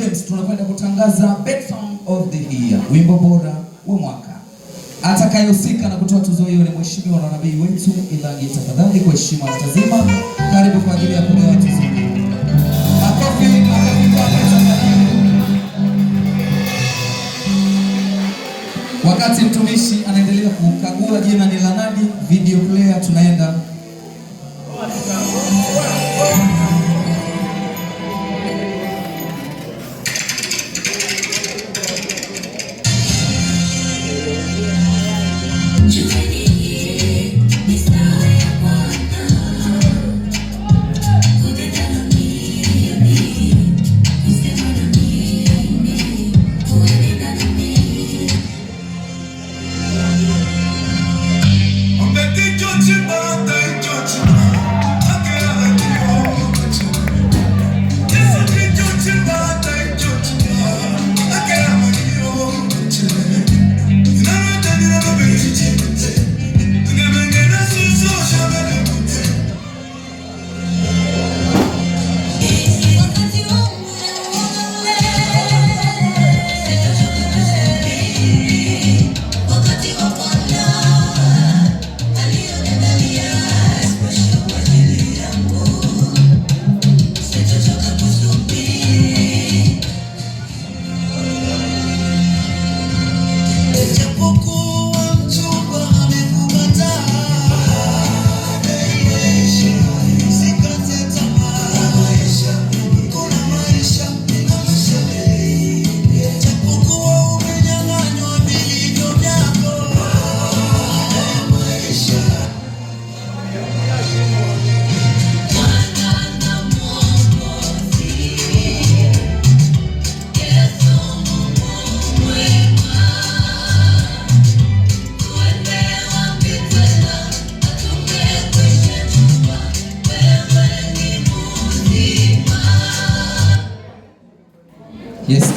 James tunakwenda kutangaza best song of the year, wimbo bora wa mwaka. Atakayehusika na kutoa tuzo hiyo ni mheshimiwa na nabii wetu Ilangi. Tafadhali kwa heshima tazima, karibu kwa ajili ya kupewa tuzo. wakati mtumishi anaendelea kukagua jina ni la nani, video player tunaenda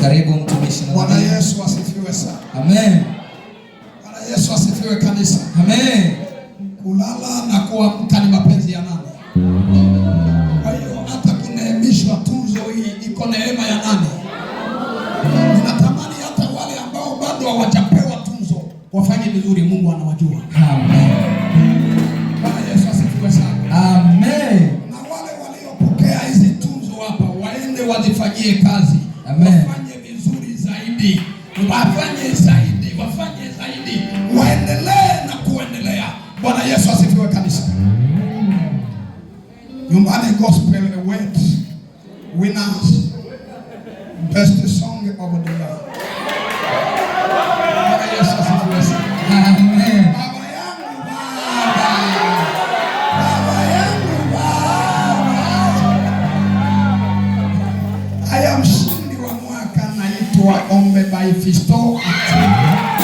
Karibu mtumishi. Bwana Yesu asifiwe sana. Amen. Bwana Yesu asifiwe kanisa. Amen. Kulala na kuamka ni mapenzi ya nani? Kwa hiyo hata kuneemishwa tuzo hii iko neema ya nani? Ninatamani hata wale ambao bado hawajapewa tuzo wafanye vizuri, Mungu anawajua. Amen. Bwana Yesu asifiwe sana. Amen. Na wale waliopokea hizi tuzo hapa waende wazifanyie kazi. Amen zaidi, wafanye zaidi, wafanye zaidi, waendelee na kuendelea. Bwana Yesu asifiwe kabisa. Nyumbani Gospel Awards winners best song of the year tuwaombe by Fisto Akili.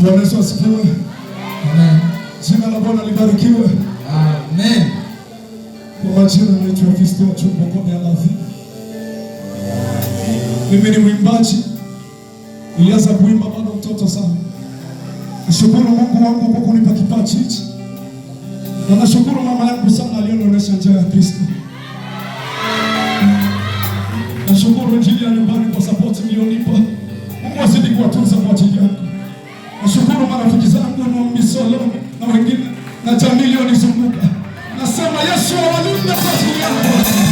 Bwana Yesu asifiwe. Amen. Jina la Bwana libarikiwe. Amen. Kwa majina naitwa Fisto Chumbo Kome Alavi. Mimi ni mwimbaji. Nilianza kuimba bado mtoto sana. Nashukuru Mungu wangu kwa kunipa kipaji hichi. Na nashukuru mama yangu sana aliyonionyesha njia ya Kristo. Nashukuru Injili ya nyumbani kwa support mlionipa. Mungu azidi kuwatunza kwa ajili yangu. Nashukuru marafiki zangu Solo na wengine na jamii iliyonizunguka. Nasema Yesu awalinde kwa ajili yako.